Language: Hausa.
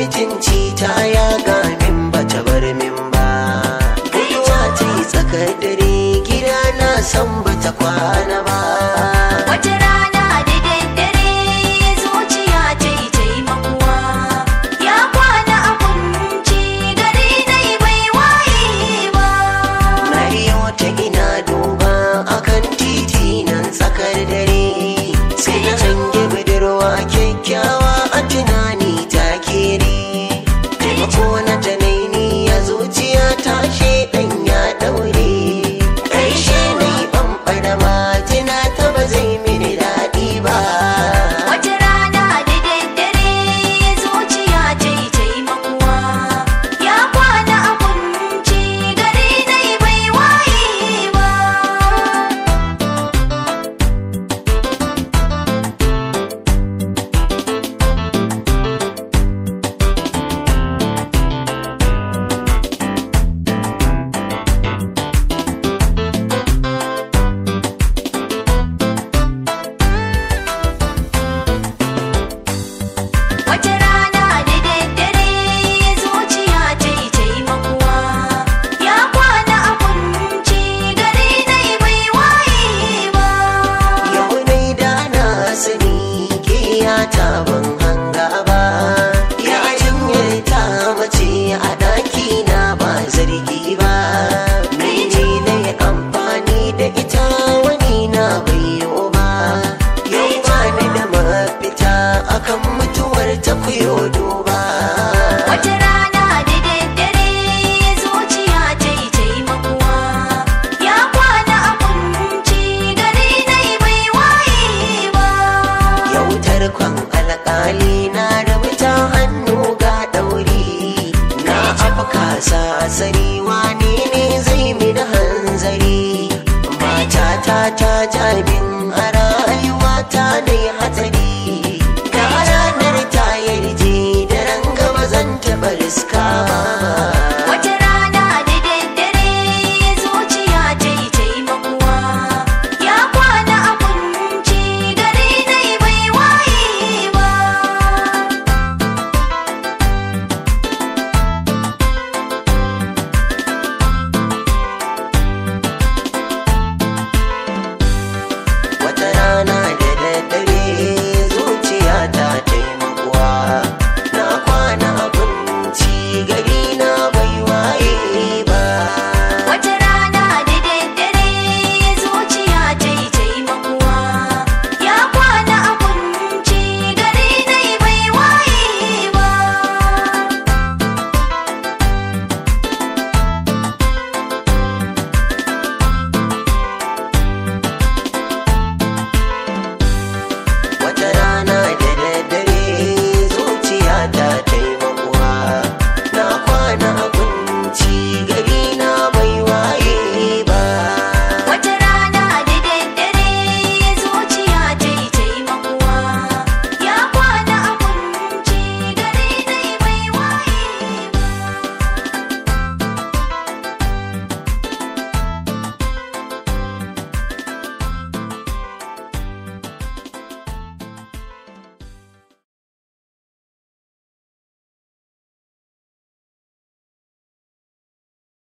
mutunci ta ya